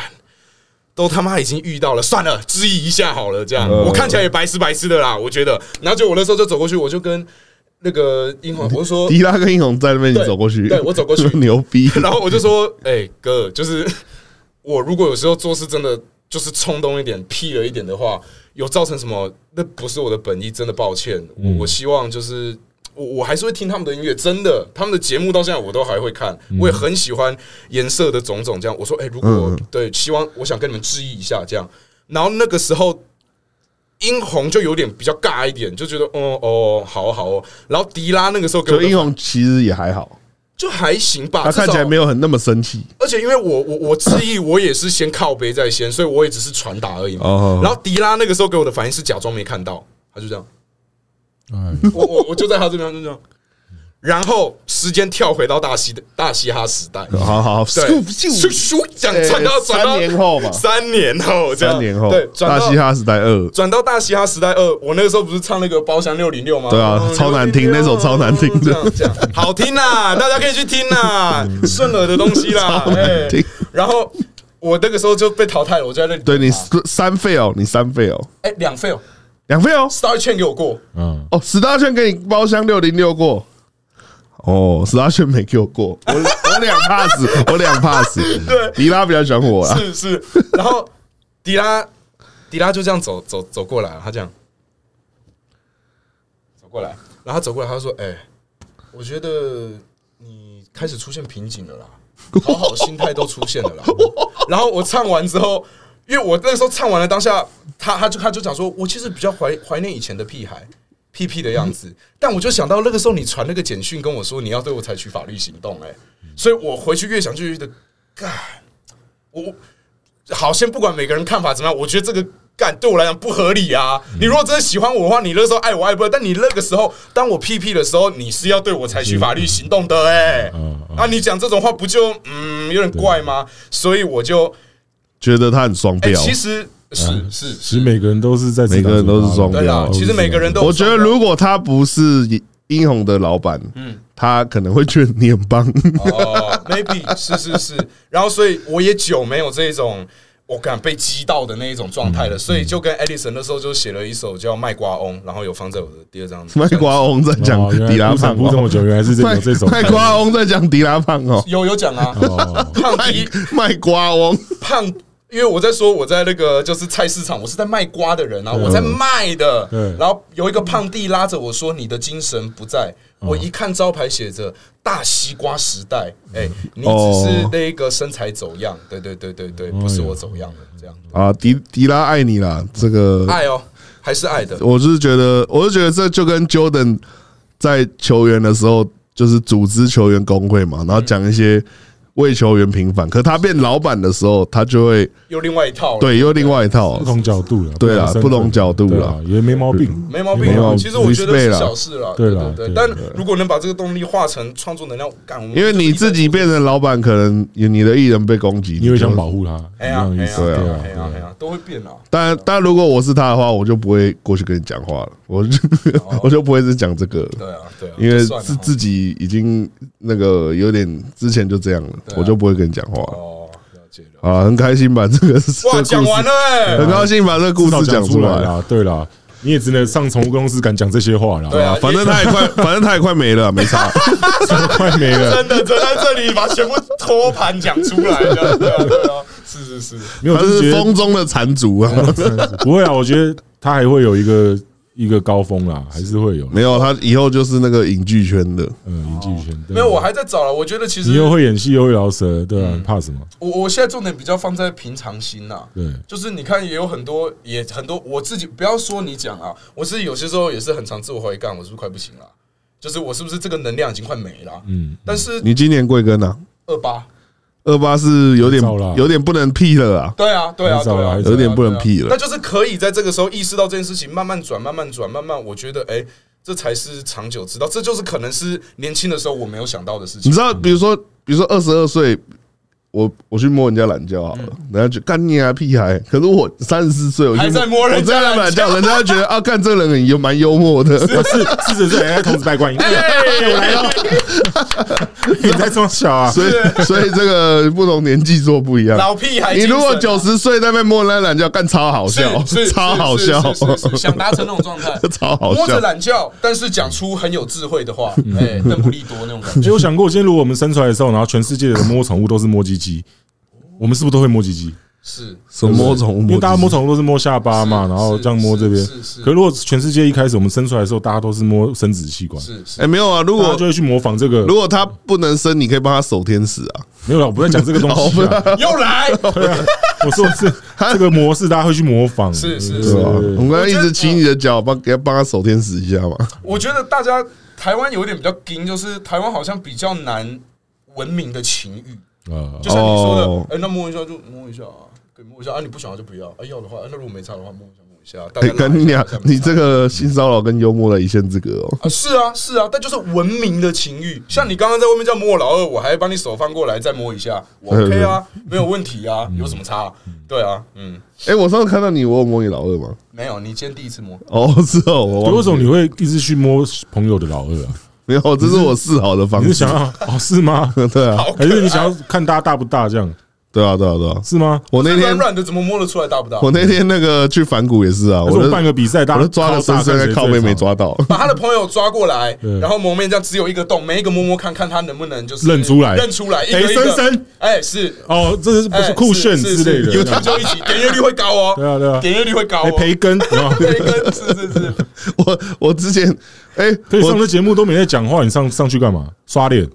都他媽已經遇到了，算了，質疑一下好了，這樣我看起來也白痴白痴的啦。我覺得，然後就我那時候就走過去，我就跟那個英雄，我就說迪拉跟英
雄在那邊，走過去，對我走過去，牛逼。然後我
就說、欸，哎哥，就是我如果有時候做事真的就是衝動一點、屁了一點的話，有造成什麼？那不是我的本意，真的抱歉。我我希望就是。我我還是會聽他們的音樂，真的，他們的節目到現在我都還會看，我也很喜歡顏色的種種。這樣，我說，哎，如果對，希望我想跟你們致意一下，這樣。然後那個時候，殷紅就有點比較尬一點，就覺得、嗯，哦哦，好好哦。哦、然後迪拉那個時候給殷紅
其實也還好，
就還行吧。他看起來
沒有很那麼生氣。
而且因為我我我致意，我也是先靠北在先，所以我也只是傳達而已。然後迪拉那個時候給我的反應是假裝沒看到，他就這樣。嗯， *laughs* 我我就在他這邊，這邊。然後時間跳回到大嘻大嘻哈時代。
好好，
對，講唱到三年後嘛，三年後，三年後，對，大嘻哈時
代二，轉
到大嘻哈時代二。我那個時候不是唱那個包廂六零六嗎、哦？對啊，
超難聽，那首超難聽 *laughs* 這
樣講，好聽吶、啊，大家可以去聽吶，順耳的東西啦。欸、然後我那個時候就被淘汰了，我就在那裡、啊欸
喔。對，你三廢哦，你三廢哦，哎，兩廢哦。兩票哦，Star Chain 給我過，嗯，哦，Star Chain 給你包廂六零六過，哦，Star Chain 沒給我過， *laughs* 我兩 pass，我兩 p a 我兩 pass。對，迪拉比較喜歡我，啊，是是，然後迪拉
迪拉就這樣走走走過來了，他這樣走過來，然後他走過來，他就說，哎，欸，我覺得你開始出現瓶頸了啦，好好心態都出現了啦，然後我唱完之後。因為我那個時候唱完了，當下他他就他就講說，我其實比較懷懷念以前的屁孩屁屁的樣子、嗯。但我就想到那個時候，你傳那個簡訊跟我說你要對我採取法律行動、欸，誒、嗯，所以我回去越想就越的幹。我好像不管每個人看法怎麼樣，我覺得這個幹對我來講不合理啊、嗯。你如果真的喜歡我的話，你那個時候愛我愛不？但你那個時候當我屁屁的時候，你是要對我採取法律行動的哎、欸嗯嗯嗯嗯嗯嗯。啊，你講這種話不就嗯有點怪嗎？所以我就。
覺得他很雙標、欸，其實是是其實每個人都是在每個人都是雙標，對啦，其實每個人都我覺得如果他不
是英紅的老闆，嗯，他可能會覺得你很棒，哦、oh,，maybe
*laughs* 是是是，是，然後所以我也久沒有這一種我敢被激到的那一種狀態了、嗯嗯，所以就跟艾利森那時候就寫了一首叫《賣瓜翁》，然後有放在我的第二張《賣
瓜翁》在講迪拉胖、哦、不、哦、這麼久、哦、原來是這個、這首《賣瓜翁》在講迪拉胖哦，有
有講啊，胖迪賣瓜翁胖。因為我在說，我在那個就是菜市場，我是在賣瓜的人啊，我在賣的。然後有一個胖弟拉着我說：“你的精神不在。”我一看招牌寫着“大西瓜時代”，哎，你只是那個身材走樣。對對對對對，不是我走樣的這
樣。啊，迪迪拉愛你啦。這個愛哦，
還是愛的。我
是覺得，我是覺得這就跟 Jordan 在球員的時候，就是組織球員工會嘛，然後講一些。為球員平反，可他變老闆的時候，他就會又另外一套。對，又另外一
套，不同角度了。對啊，不同角度了，也沒毛、沒毛病，沒毛病。其實我覺得是小事了，對對對。
但如果能把這個動力化成創作能量，就是，
因為你自己變成老
闆，可能你的藝人被攻擊，你會想保護他，就是保護他。對啊，對啊，對啊，對啊，對啊，對啊都會變啊。但、嗯、但如果我是他的話，我就不會過去跟你講話了。我就、哦、我就不會是講這個對、啊。對啊，對啊。因為自自己已經，那個有點之前就這
樣了、啊，我就不會跟你講話了哦。了解啊，很開心吧？這個哇，講、這個、完了，欸，很高興把這個故事講、啊、出來了。來 *laughs* 對了，你也只能上寵物公司敢講這些話了，對、啊對啊，反正他也快， *laughs* 反正他也快沒了，沒差， *laughs* 快沒了。真的，
站在這裡把全部托盤講出來
對、啊，對啊，對啊，是是是，沒有，他是風中的
殘燭啊。 *laughs* 不會啊，我覺得他還會有一個。一個高峰啦，還是會有是沒有？他以後就是那個影劇圈的，嗯，影劇圈的。沒有，我
還在找啦。我覺得其實你又會演
戲又會饒舌，對啊，嗯、怕什麼？
我我現在重點比較放在平常心吶，對，就是你看也有很多也很多，我自己不要說你講啊，我是有些時候也是很常自我懷疑，幹我是不是快不行了？就是我是不是這個能量已經快沒了？
嗯，但是你今年貴庚呢？二八。二八是有點有點不能屁了啊！對啊，對啊，對啊，有點不能屁了。那
就是可以在這個時候意識到這件事情，慢慢轉，慢慢轉，慢慢，我覺得，哎，這才是長久之道。這就是可能是年輕的時候我沒有想到的事情。你知道，
比如說，比如說，二十二歲。我我去摸人家懶覺好了，人、嗯、家、嗯嗯、就幹你啊屁孩，欸！可是我三十四歲，我就還在摸人家懶覺，Hunter，人家覺得啊，幹這個人有蠻幽默的，是是是是是是人欸欸。是四十歲家童子拜觀音，我來你在裝小啊？啊、所以所以這個不同年紀做不一樣。老屁孩，你如果九十歲在被摸人家懶覺，幹
超好笑，超好笑。是是是是是是想達成那種狀態，超好笑，摸着懶覺，但
是講出很有智慧的話，哎，鄧不利多那種感覺。就、欸、
想過，今天如果我們生出來的時候，然後全世界的人摸寵物都是摸雞雞。雞？我們是不是都會摸雞雞？是，摸寵，因為大家摸寵物都是摸下巴嘛，然後這樣摸這邊。可是，可如果全世界一開始我們生出來的時候，大家都是摸生殖器官，哎、欸，沒有啊，如果就會去模仿這個。如果
他不能生，你可以幫他守天使啊。沒有、啊，我不再講這個東西了、啊。 *laughs* 又來對、啊，我說是， *laughs* 他這個模式大家會去模仿。是是是，我們剛才一直騎你的腳，幫給幫他守天使一下吧。
我覺得大家台灣有一點比較硬，就是台灣好像比較難文明的情
欲。啊、uh，就像你說
的，哎、oh. 欸，那摸一下就摸一下啊，可以摸一下啊，你不想要就不要，啊，要的話，啊、那如果沒差的話，摸一下摸一下。哎、欸，跟你啊，你
這個性騷擾跟幽默的一線之隔哦。啊，
是啊，是啊，但就是文明的情欲，像你剛剛在外面叫摸我老二，我還把你手放過來再摸一下，我 OK 啊， *laughs* 沒有問題啊， *laughs* 有什麼差、
嗯？對啊，嗯，哎、欸，我上次看
到你，我有摸你老二嗎？
沒有，你今天第一次
摸。
Oh, 是哦，知道。為什麼你會一直去摸朋友的老二啊？沒有，這是我示好的方式。你，是你是想要哦？是嗎？對啊，還是你想要看大家大不大這樣？對啊對啊對啊，是嗎？我那天
軟的怎麼摸得出來？大不大？我那
天那個去反骨也是啊，我辦個、啊、個比賽，我都抓了生生靠妹妹抓到，把他
的朋友抓過來，然後蒙面這樣，只有一個洞，每一個摸摸看看他能不能就是認出來認出來，一個一個
哎、欸、是哦、喔，這是
不是酷炫之類的？有聽眾
一起，點閱率會高哦、喔。對啊對
啊，點
閱率會高、喔。培、欸、根，培 *laughs* 根是是是，我我之前哎，對上這節目都沒在講話，你上上去幹嘛，刷臉？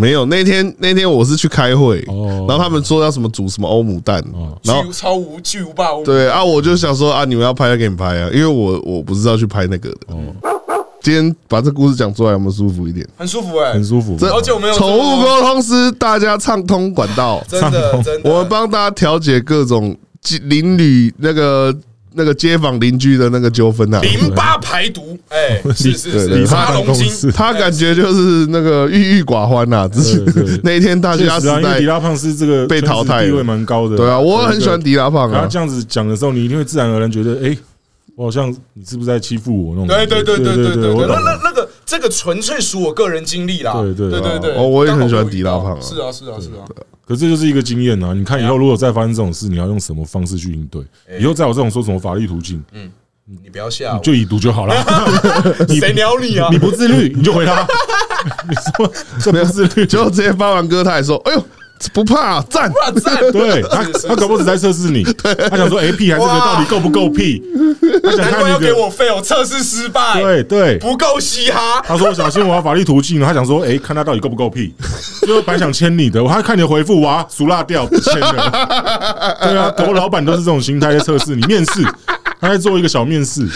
沒有，那天那天我是去
開會，oh, oh, okay. 然後他們說要什麼煮什麼歐姆蛋，oh, okay. 然後
超無巨無霸對啊，我
就想說啊，你們要拍就給你們拍啊，因為我我不是要去拍那個的。Oh. 今天把這故事講出來，有沒有舒服一點？很舒服哎、欸，很舒服。好久沒有寵物溝通師，大家暢通管道 *laughs* 真的真的，真的。我們幫大家調解各種鄰里那個。那個街坊鄰居的那個糾紛吶，淋巴排毒，哎、 *laughs* 欸，是是是,是，迪他感覺就是那個鬱鬱寡歡吶、啊，是。 *laughs* 那一天大家知道，迪拉
胖是這個的對對對被淘汰，地位蠻高的。對啊，我很喜歡迪拉胖啊。他這樣子講的時候，你一定會自然而然覺得，哎、欸，我好像你是不是在欺負我那種？對對對對對對,對、啊，那那那,那
個這個純粹屬我個人經歷啦。對對對對,對對，哦、啊，我
也很喜歡迪拉胖啊。是啊是
啊是啊。是啊對對對對對
對可這就是一個經驗吶！你看以後如果再發生這種事，你要用什麼方式去應對？以後再有這種說什麼法律途徑？嗯，
你不要、啊、笑你不，就已
讀就好了。誰鳥你啊！你不自律，你就回他。 *laughs* 你說這不自律沒有，就直接發完歌，他還說：“哎呦。”不怕，讚，對他，他可不只在測試你，他想說哎、欸、屁孩是、這個、到底夠不夠屁？
他想看你要給我
廢，我測試失敗，對對，
不夠嘻哈。
他說小心我要法律途徑，他想說哎、欸、看他到底夠不夠屁，就白想簽你的，我還看你的回復哇俗辣掉不簽了， *laughs* 對啊，搞老闆都是這種心態在測試你， *laughs* 你面試，他在做一個小面試，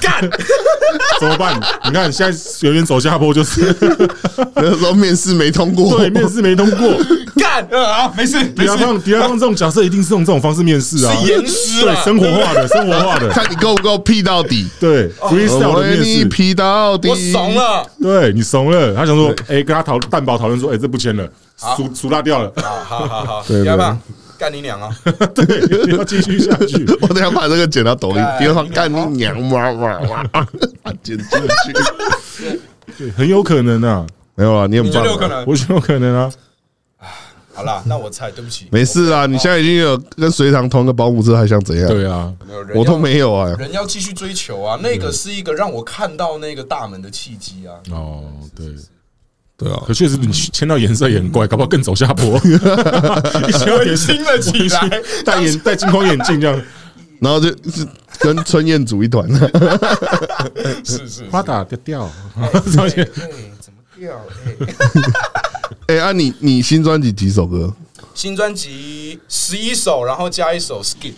幹。 *laughs* *laughs* 怎麼辦？你看現在有點走下坡就是。
那時候面試沒通過。對，面試沒通過幹，
幹、呃、啊！沒事，第二方第二方這種角色一定是用這種方式面試啊。是嚴師，對，生活化的，生活化的，看
你夠不夠 P 到底。
對，freestyle 的面試，P、
欸、到底，我慫了。
對你慫了，他想說，哎、欸，跟他討蛋堡討論說，哎、欸，這不簽了，熟熟拉掉了。好
好好，回家吧。幹你娘啊！
*laughs* 對，要
繼續下去，我等下要把這個剪到抖音，經常幹你娘嘛嘛，哇哇
哇，剪、yeah. 進去，對，
很有可能啊，沒有啊，你很棒、啊，有可能，我覺得有可能啊。
好啦，那我猜，對不起，沒事啊
，okay, 你現在已經有跟隋唐同一個保姆車，還想怎樣？對啊，
我都沒有啊，人要繼續追求啊，那個是一個讓我看到那個大門的契
機啊。哦，對。對是是是對啊，可確實你簽到顏色也很怪，嗯、搞不好更走下坡。一些新的起來戴，戴眼戴金框眼鏡這樣，
*laughs* 然後就是跟春燕組一團。 *laughs* *laughs* 是
是，花打的掉、欸。對
*laughs* 欸欸，怎麼掉？哎、欸 *laughs* 欸、啊，你你新專輯幾首歌？
新專輯十一首，然後加一首 skit。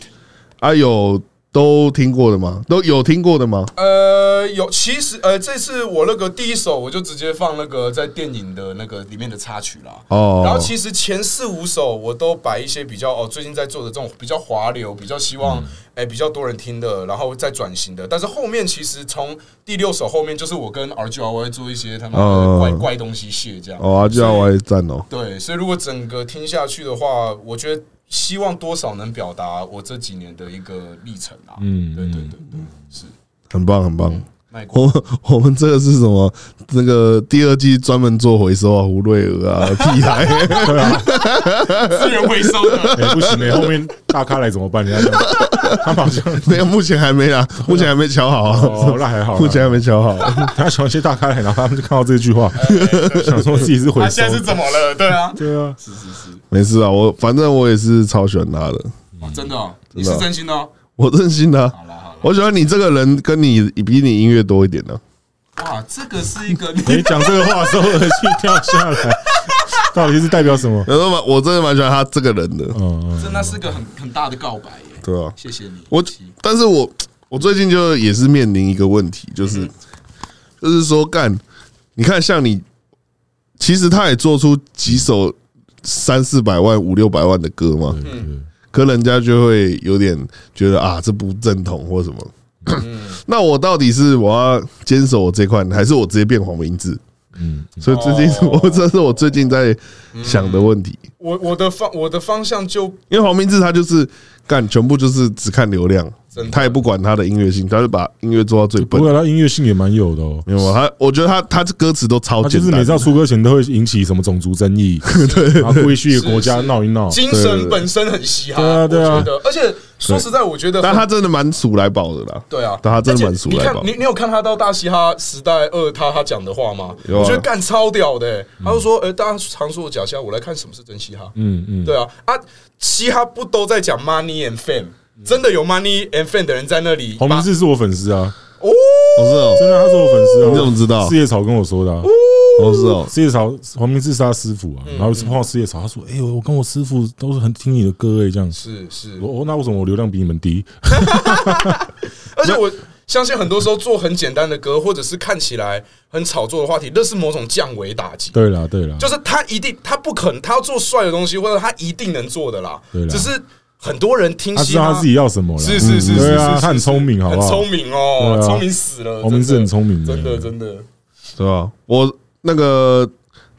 啊有。都聽過的嗎？都有聽過的嗎？
呃，有，其實呃，這次我那個第一首我就直接放那個在電影的那個裡面的插曲啦。哦,哦。哦、然後其實前四五首我都擺一些比較哦，最近在做的這種比較華流，比較希望哎、嗯欸、比較多人聽的，然後再轉型的。但是後面其實從第六首後面就是我跟 RGY 做一些他媽的怪怪東西，卸這樣。RGY 站哦。對，所以如果整個聽下去的話，我覺得。希望多少能表達我這幾年的一個歷
程啊。嗯，對對對對是，嗯，是很棒
很棒。很棒。我我們這個是什麼？那個第二季專門做回收啊，吳瑞娥啊，屁孩， *laughs* 對啊資 *laughs* 源回收的。
哎、欸，不行、欸，後面大咖來怎麼辦？人想，他們好像那有，目前還沒啦啊，目前還沒敲好、哦哦哦、好啊。那還好，目前還沒敲好。欸、他喜歡些大咖來，然後他們就看到這句話，欸、 *laughs* 想說自己是回收、啊。現在是怎麼了？對啊，對啊，是是
是，沒事啊。我反正我也是超喜歡他的。嗯、真的、哦真的啊，你是真心的、哦，我真心的、啊。我喜歡你這個人，跟你比你音樂多一點呢、啊。
哇，這個是一個你講、欸、這個話的時候，
跳下來， *laughs* 到底是代表什麼？然後嘛，我真的蠻喜歡他這個人的，嗯，這
那是個很很大的告白
耶。對、嗯、啊，謝謝你。我，但是我我最近就也是面臨一個問題，就是、嗯、就是說幹，你看像你，其實他也做出幾首三四百萬、五六百萬的歌嘛，嗯。嗯可能人家就會有點覺得啊，這不正統或什麼。 *coughs* 那我到底是我要堅守我這塊，還是我直接變黃明志？嗯，所以最近我、哦、這是我最近在想的問題。嗯、
我我的方我的方向就
因為黃明志他就是幹全部就是只看流量。他也不管他的音樂性，他就把音樂做到最笨。不管
他音樂性也蠻有的哦，
因為、啊、他我覺得他他這歌詞都超簡單的、啊。其實每張出
歌前都會引起什麼種族爭議， *laughs* 對，對，對，會去國家鬧一鬧。精神本身很嘻哈，對啊，對啊。而且說實在，我覺得，但他真的蠻數來寶的啦。對啊，但他真的蠻數來寶。
你看，你你有看他到大嘻哈時代二，他他講的話嗎？啊、我覺得幹超屌的、欸嗯，他就說，哎、欸，大家常說我假嘻哈，我來看什麼是真嘻哈。嗯嗯，對啊啊，嘻哈不都在講 money and fame。真的有 money and fame 的人在那裡。黃
明志是我粉絲啊，哦，我知道，真的他是我粉絲啊、哦，你怎麼知道？四葉草跟我說的、啊哦，哦，黃志哦，四葉草黃明志是他師傅啊，然後碰到四葉草，他說：“哎呦，我跟我師傅都是很聽你的歌誒、欸，這樣子。”是是、哦，我那為什麼我流量比你們低 *laughs* ？
*laughs* 而且我相信很多時候做很簡單的歌，或者是看起來很炒作的話題，那是某種降維打擊。
對啦，對啦，
就是他一定他不可能他要做帥的東西，或者他一定能做的啦，只是。很多人聽他，他、啊、知道他自己要什麼了。是
是是是、嗯，啊、他好好是，是，是，很聰明，好不好？很聰明哦，聰、啊、明死了！我們是很聰明的，真
的真的，
是吧、啊？我那個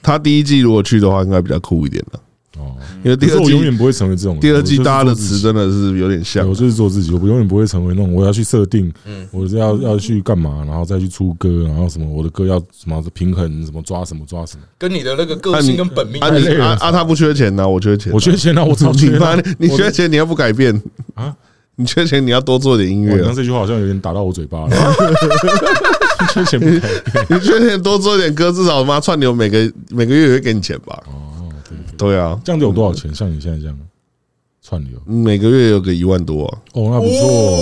他第一季如果去的話，應該比較酷一點的。
哦，因為第二季我永遠不會成為這種第二季搭的詞，真的是有點像我。我就是做自己，我不永遠不會成為那種我要去設定，嗯，我要要去幹嘛，然後再去出歌，然後什麼我的歌要什麼平衡，什麼抓什麼抓什麼，抓什麼。跟
你的那個個性跟本命啊啊，啊啊他
不缺
錢呢、啊，我缺錢、啊，我缺錢、啊，那我超缺錢啊你！你缺錢你要不改變啊？你缺錢你要多做點音樂。我剛這句話好像有點打到我嘴巴了， *laughs* 缺錢不改變你。你缺錢多做點歌，至少媽串流每個每個月也會給你錢吧？啊
對啊，這樣有多少錢，嗯？像你現在這樣串流，每個月有個一萬多，啊，哦，那不錯，啊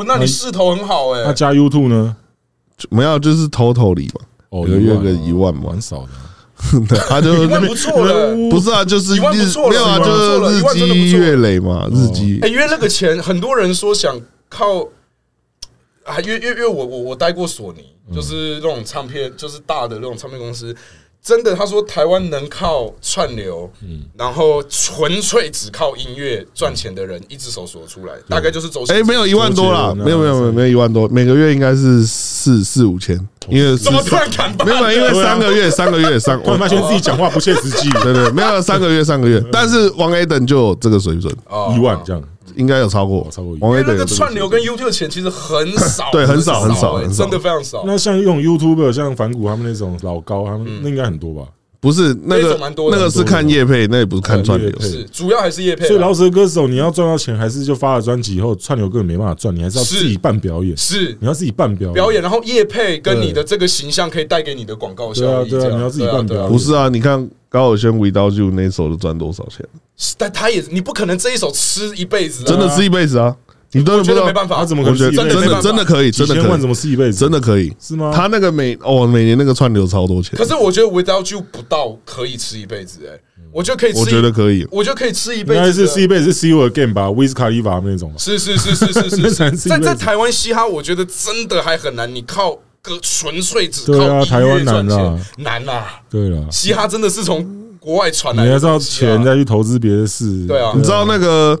哦，那你勢頭很好哎，欸啊。那加 YouTube 呢？沒有，就是偷偷理
嘛，哦，一個月有個一萬嘛，蠻少的，啊。 *laughs* 他就那 *laughs* 一萬不錯了，不是啊，就是一萬不錯了，沒有啊，就是一萬真的日積月累嘛，哦，日積。哎，欸，因
為那個錢，很多人說想靠，啊，因為因為因為我我我待過索尼，就是那種唱片，嗯，就是大的那種唱片公司。真的，他說台灣能靠串流，嗯，然後純粹只靠音樂賺錢的人，一隻手數出來、嗯，大概就是走。哎、欸，沒
有一萬多啦，沒有沒有沒有，沒有一萬多，每個月應該是四四五千，因為怎麼突然砍到？沒有，因為三個月、啊、三個月三個月，三個月 *laughs* 我發現自己講話不切實際。對，對對，沒有三個月三個月，三個月但是王 A 等就有這個水準，一、oh, 萬這樣。應該有超過、哦、超過，那個串
流跟 YouTube 的錢其實很少， *laughs* 對少、欸，很少很少，很少，真的非常
少。那像用 YouTuber，像反骨他們那種老高他們，那應該很多吧？嗯不是那個，那個是看業配，那也不是看串流。是，主要還是業配。所以老、喔，饒舌歌手你要賺到錢，還是就發了專輯以後，串流根本沒辦法賺，你還是要自己辦表演。是，你要自己辦表演。表
演，然後業配跟你的這個形象可以帶給你的廣告效益。對啊，你要、啊自，啊啊、自己辦表
演，不是
啊？你看高爾宣 Without You 就那一首都賺多少錢。
是，但他也，你不可能這一首吃一輩子、啊，真的吃一
輩子啊。你都覺得沒辦法？他怎麼，我覺得真的真的，真的可以，真的可以，怎麼吃一輩子？真的可以是嗎？他那個每，哦每
年那個串流超多錢。可是
我覺得 Without you 不到可以吃一輩子哎、欸，我就可以，我覺得可以，我就可以吃一輩子。應該是 C 輩
是 see you again 吧 Wiz Khalifa 那種。是
是是是
是是、是、是、是。 *laughs* 在在台
灣嘻哈，我覺得真的還很難。你靠個純粹只靠音樂賺錢，難啊！台灣難，難難，
對啊，
嘻
哈真的是從國外傳來的，你還
知道錢
再去投資別的事對、啊。對啊，你知道那個？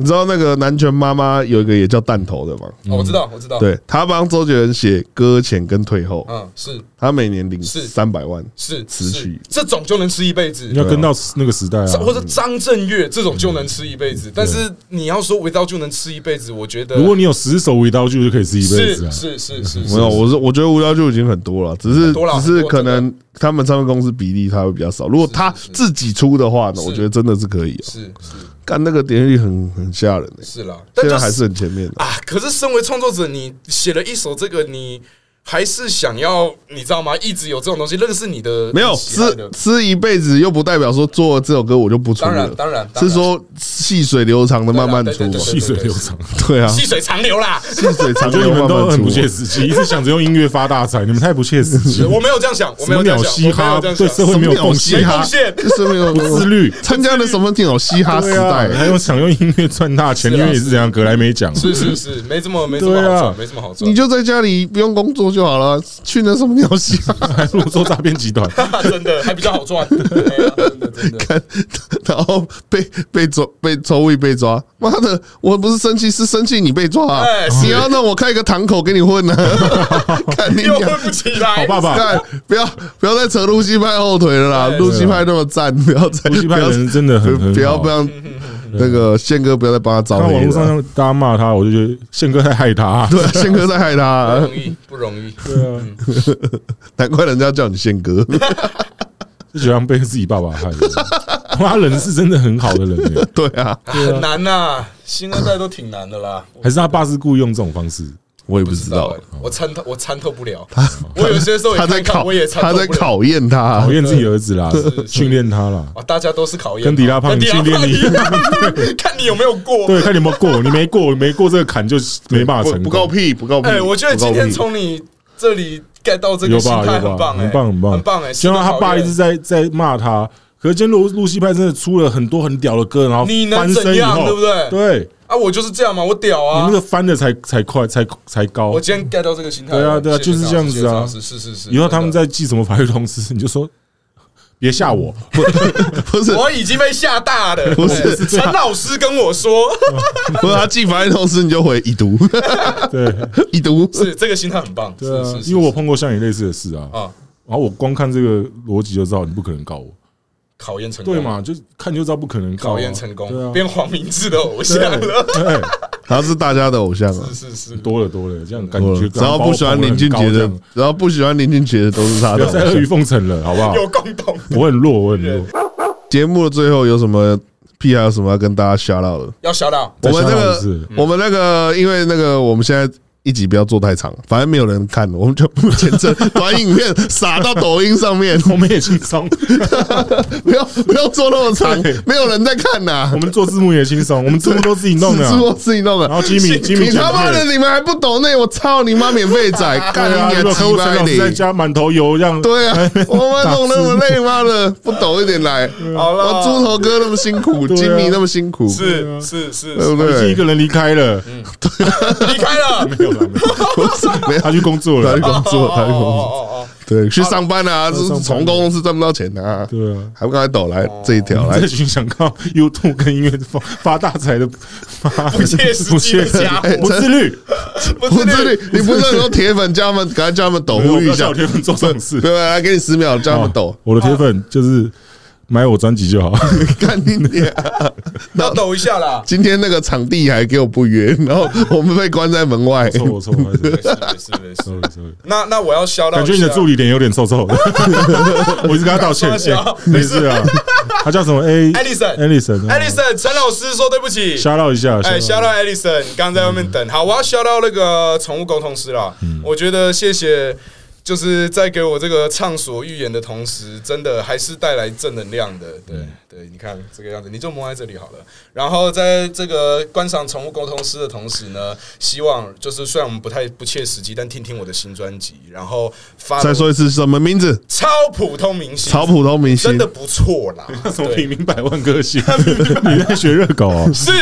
你知道那個南拳媽媽有一個也叫彈頭的嗎？哦，我知道，我知道。對，他幫周杰倫寫《擱淺》跟《退後》。嗯，是他每年領是三百萬，是，是持續
這種就能吃一輩子。要跟到
那個時代啊，啊，
或者張震岳這種就能吃一輩子、嗯。但是你要說吳刀就能吃一輩子，我覺得如果
你有十首吳刀劇就可以吃一輩子，是是是。是是是啊、是是是 *laughs* 沒有，我是我覺得吳刀就已經很多了，只是
只是可能他們上面公司比例他會比較少。如果他自己出的話呢，我覺得真的是可以啊，是是。但那個點閱率很很嚇人的、欸，是啦，但、就是、現在還是很前面的啊，啊。
可是，身為創作者，你寫了一首這個你。還是想要你知道嗎？一直有這種東西，那個是你的，的，沒有吃
吃一輩子又不代表說做這首歌我就不出了。當然，當然當然是
說細水流長的慢慢出，細水流長，對啊，細水
長流啦。細水長流慢慢出，你們都很不切實
際，一直想着用音樂發大財，你們太不切實際。我沒有這樣想，我沒有這樣想。有嘻哈我沒有這樣想對社會沒有貢獻，就是沒有自律。參加了什麼節目？嘻哈時代，啊、還用想用音樂賺大錢、啊啊啊？因為也是這樣，格萊美獎，是
是是，沒什麼沒沒什麼好處、啊。你就在家裡不用工作。就好了，去那什麼尿系，還是我做詐騙集團、啊，真的還比較好賺、啊。真的真的，然後被被抓被周圍被抓，媽的！我不是生氣，是生氣你被抓、啊欸。你要讓我開一個堂口給你混呢、啊欸？看你又混不起來，好爸爸，不要不要再扯路西派後腿了啦！路、啊、西派那麼贊，不要再路西，西派人真的很，很好不，要不要不
要。嗯啊、那個憲哥不要再幫他找，他網絡上大家罵他，我就覺得憲哥在害他、啊。對、啊，憲哥在害他、啊，不容易，不容易。對啊，嗯、難怪人家叫你憲哥， *laughs* 就喜歡被自己爸爸害是不是？ *laughs* 他人是真的很好的人，對啊，對啊啊很
難吶、啊，星二代都挺難的啦。
還是他爸是故意用這種方式？我也不知道，
我參、欸、哦、透我參透不了。我有些時候也看看也他在考，他在考
驗他、啊，考驗自己兒子啦，訓練他啦。啊，
大家都是考驗，跟迪拉胖訓練你， *laughs* 看
你有沒有過 *laughs* 對對對對，不對不。對，看你有沒有過，你沒過，沒過這個坎就沒法成。不不告屁，不告屁。欸、我覺得今天從
你這裡 get 到這個心態很棒、欸，很棒，很棒，很棒。欸、他爸一直
在在罵他，可是今天路路西派真的出了很多很屌的歌，然後，後你能怎樣，對不對？對。
啊，我就是這樣嘛，我屌啊！你
那個翻的才才快才才高。我今天 get 到這個心態。對啊對啊，謝謝，就是這樣子啊，謝謝謝謝。是是是。以後他們在寄什麼法律通知，你就說別嚇我，我，
不是？ *laughs* 我已經被嚇
大了。 *laughs* 不是陳、啊、老師跟我說，
*laughs* 不是他寄法律通知你就回已讀。 *laughs* 對，已讀，是
這個心態很棒。對啊、是、是、是是。因
為我碰過像你類似的事啊啊、嗯，然後我光看這個邏輯就知道你不可能告我。
考驗成功對嘛？
就看就知道不可能、啊。考驗成
功、啊，變黃明志的偶像了
對。對，他是大家的偶像了、啊。是是是，多了多了，這樣感覺。然後不喜歡林俊杰的，
然後不喜歡林俊杰的,的都是他的。在阿諛奉承了，好不好？有共同。我很弱，我很弱。節目的最後有什麼屁孩？還有什麼要跟大家 shout out 的？要 shout
out。我們那個，就是、
我們那個，嗯、因為那個，我們現在。一集不要做太長，反正沒有人看了，我們就不剪正，短影片 *laughs* 撒到抖音上面，我們也輕鬆。不要不要做那麼長，沒
有人在看吶、啊。我們做字幕也輕鬆，我們字幕都自己弄的、啊，字幕自己弄的。然後吉米，吉米，你他媽的你
們還不斗內？我操你媽免費仔，幹、啊、你也抽幹你，啊、在加
滿頭油讓。樣對啊，我們弄那麼
累媽的，不斗一點來。好了、啊啊，我豬頭哥那麼辛苦，吉米、啊、那麼辛苦，是是、啊啊、是，我已經一個人離開了，嗯、對，離開了。 *laughs* *laughs* 沒有他去工作了，他去工作，他去工作。對，啊、去上班啊上班，就是從公司賺不到錢的、啊。對啊，還不趕快抖來這一條，來這
群想靠 YouTube 跟音樂發發大財的，發 *laughs* 不的，不切實際的家伙，不自律，
不自律。你不是說鐵粉，叫他們，趕快叫他們抖，呼籲一下，鐵粉做這事。對對，來給你十秒，叫他們
抖。我的鐵粉就是。啊就是買我專輯就好， *laughs* 幹
你的呀那抖一下啦！今天那個場地還給我不約，然後我們被
關在門外。臭！
臭！臭！臭！臭！臭！那那我要笑到，感覺
你的助理臉有點臭臭的。 *laughs* *laughs* *laughs* 我一直跟他道歉， *laughs* 沒事啊。他叫什麼 A *laughs* Allison, Allison,、啊？哎，艾莉森，艾莉森，艾莉
森，陳老師說對不起。 *laughs* 笑到一下，哎，笑到艾莉森，剛在，、嗯、在外面等。嗯、好，我要笑到那個寵物溝通師了。嗯、我覺得謝謝。就是在給我這個暢所欲言的同時，真的還是帶來正能量的。對、嗯、對，你看這個樣子，你就摸在這裡好了。然後在這個觀賞寵物溝通師的同時呢，希望就是雖然我們不太不切實際，但聽聽我的新專輯，然後發再說一次什
麼名字？
超普通明星，超普通明星，真的不錯啦！什麼貧民百萬歌星？啊啊啊明明啊、 *laughs* 你在學熱狗啊？是，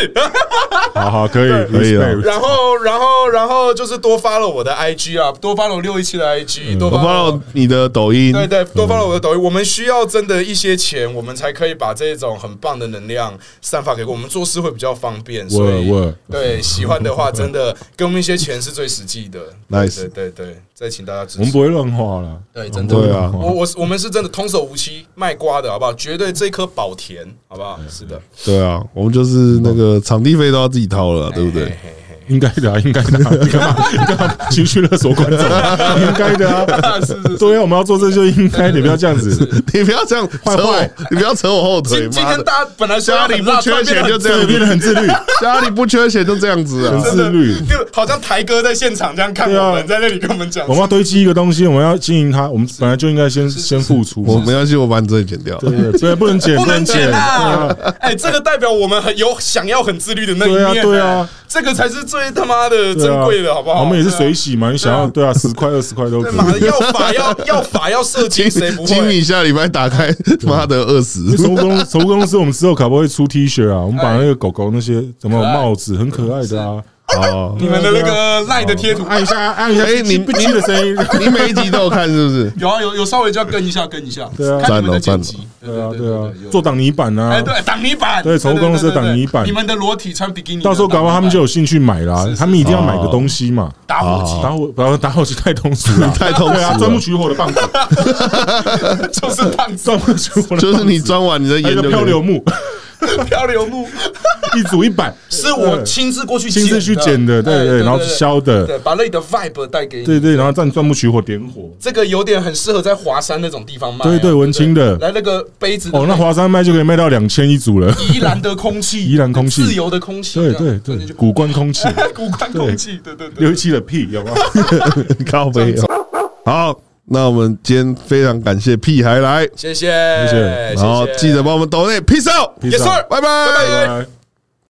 *laughs* 好好可以可以了。然後
然後然後就是多發了我的 IG 啊，多發了我六一七的 IG。多 follow
你的
抖音，對對，多
follow 我的抖音、嗯。我們需要真的，一些錢，我們才可以把這種很棒的能量散發給我們做事會比較方便。所以我我，對， *laughs* 喜歡的話，真的給我們一些錢是最實際的。對 nice，對，對對，再請大家支持。我們不會亂花了，對，真的。對啊，我我我們是真的，童叟無欺，賣瓜的好不好？絕對這顆包甜好不好？是的、欸，
對啊，我們就是那個場地費都要自己掏了，對不對？嘿嘿嘿應該的啊，應
該的，你幹嘛你幹嘛情緒勒索觀眾？應該的啊，是。對啊，我們要做這就應該，你不要這樣子，是
是你不要這樣，壞壞， *laughs* 你不要扯我後腿。今，今天大家本
來家裡不缺錢，就這樣變得很自律。自律
*laughs* 家裡不缺錢，就這樣子啊，很自律。就
好像台哥在現場這樣看我們，對啊，在那裡跟我們講，我
們要堆積一個東西，我們要經營它，我們本來就應該先是是先付出。是是我，是是我沒關係，是是我把你這裡剪掉。對，對，對，不能剪，不能剪啊！哎，
這個代表我們很有想要很自律的那一面。對啊，對啊，這個才是最。最他媽的珍貴的好不好？我們、啊、也是
水洗嘛，啊、你想要對啊，十塊二十塊都可以。要法 *laughs* 要要法要設計誰不會？請你下禮拜打開，媽的二十。手 *laughs* 工手工公司我們之後可不可以出 T 恤啊，我們把那個狗狗那些、欸、什麼帽子很可愛的啊。哦、oh，你們的那個
賴的貼圖，
對啊對啊、啊啊，按一下，按一下。哎、欸，你不，您的聲音，你每一集都有看是不是？ *laughs* 有啊，有有稍微就要跟一下，跟一下。
對，啊，你們的剪，對、對、對、對、對、啊、對啊，對啊，做擋泥板啊，哎、啊，對、對、對、對，
擋泥板，對、對、對、對，寵物公司的擋泥板。對對對對，你們的，你們的裸體穿比基尼，到時候搞不好他
們就有興趣買啦、啊。他們一定要買個東西嘛。打火機，打火，不要打火機太通俗，太通俗。對啊，鑽木取火的辦法，就是棒子。鑽木取，就是你鑽完你的一個漂流木。漂流木 *laughs* 一組一百，是我親
自過去親自去撿的，對，對對，然後削的，對對對對對對，把那你的 vibe 帶給你，對，對
對，然後在鑽木取火點火，
這個有點很適合在華山那種地方賣，對對，
文青的，來那個杯子，子哦，那華山賣就可以賣到兩千一組了，宜蘭
的空氣，
宜蘭空氣，自由的
空氣，對對對，對，
古觀空氣， *laughs* 古觀空氣，對
對對，對，對，6yi7 的屁有嗎？咖啡，有，有。 *laughs* *laughs* 北友 *laughs* 好。那我們今天非常感謝屁孩來，謝謝，謝謝，好，記得幫我們鬥內 peace out, yes sir, 拜拜。Bye bye